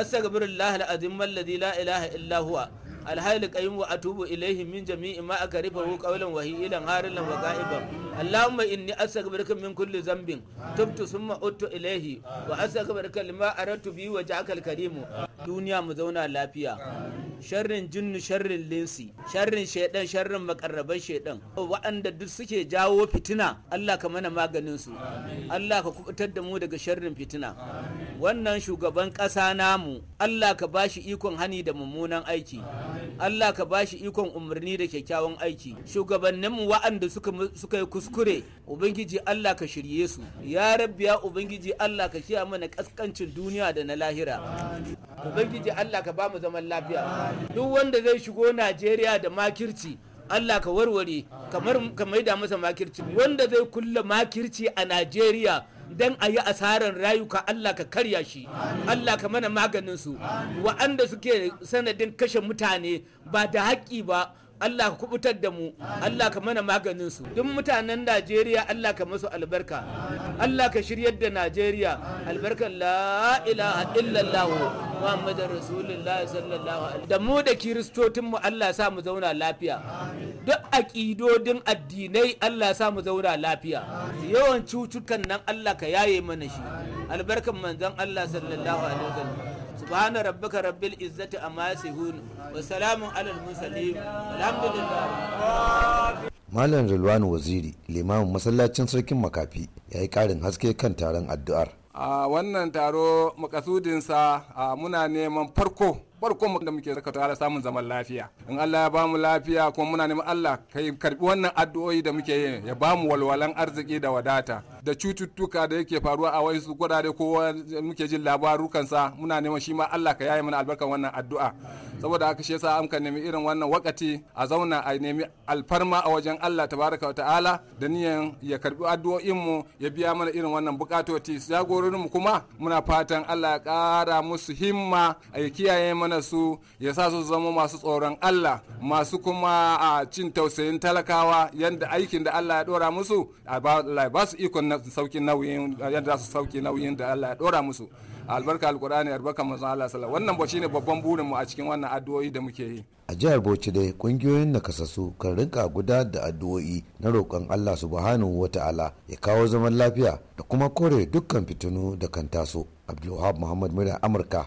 astaghfirullah alazim alladhi la ilaha illa huwa الحي القيوم واتوب اليه من جميع ما اكرهه قولا وهيلا هارلا وغائبا اللهم اني استغفرك من كل ذنب تبت ثم ات اليه واستغفرك لما اردت به وجهك الكريم duniya mu zauna lafiya sharrin jinnu sharrin linsi sharrin shaidan sharrin makarraban shaidan waɗanda duk suke jawo fitina Allah ka mana maganin su Allah ka kubutar da mu daga sharrin fitina wannan shugaban ƙasa namu Allah ka bashi ikon hani da mummunan aiki Allah ka ba shi ikon umarni da kyakkyawan aiki shugabanninmu wa'anda suka suka yi kuskure ubangiji Allah ka shirye su ya rabbi ya ubangiji Allah ka kiya mana kaskancin duniya da na lahira ubangiji Allah ka ba mu zaman lafiya duk wanda zai shigo Najeriya da makirci Allah ka warware kamar kamar da masa makirci wanda zai kulle makirci a Najeriya dan a yi asarar rayuka Allah ka karya shi Allah ka mana maganin su wa'anda suke sanadin kashe mutane ba da haƙƙi ba Allah ka kubutar da mu Allah ka mana maganin su duk mutanen Najeriya Allah ka masu albarka Allah ka shiryar da Najeriya albarkan la ilaha illallah Muhammadur Rasulullah sallallahu alaihi da mu da kiristotin mu Allah sa mu zauna lafiya duk aqidodin addinai Allah sa mu zauna lafiya yawan cucukan nan Allah ka yaye mana shi albarkan manzon Allah sallallahu alaihi wasallam subhana rabbika rabbil izzati amma yasifun wa salamun alal mursalin alhamdulillah Malam Rilwanu Waziri limamin masallacin sarkin makafi ya yi ƙarin haske kan taron addu'ar. A wannan taro makasudinsa muna neman farko farkon da muke saka ta samun zaman lafiya in Allah ya bamu lafiya kuma muna neman Allah kai karbi wannan addu'o'i da muke yi ya bamu walwalan arziki da wadata da cututtuka da yake faruwa a wasu gurare ko muke jin labaru sa muna neman shi ma Allah ka yaye mana albarkan wannan addu'a saboda haka shi yasa amka nemi irin wannan wakati a zauna a nemi alfarma a wajen Allah tabaraka ta'ala da niyan ya karbi addu'o'in mu ya biya mana irin wannan bukatoti jagororin mu kuma muna fatan Allah ya kara musu himma a kiyaye mana mana su ya sa su zama masu tsoron Allah masu kuma a cin tausayin talakawa yadda aikin da Allah ya dora musu Allah ba su ikon sauki nauyin yadda za su sauki nauyin da Allah ya dora musu albarka alkur'ani albarka manzon Allah sallallahu wannan ba ne babban burin mu a cikin wannan addu'o'i da muke yi a jihar Bauchi dai kungiyoyin nakasassu kan rinka guda da addu'o'i na roƙon Allah subhanahu wata'ala ya kawo zaman lafiya da kuma kore dukkan fitinu da kan taso Abdulwahab Muhammad Murya Amurka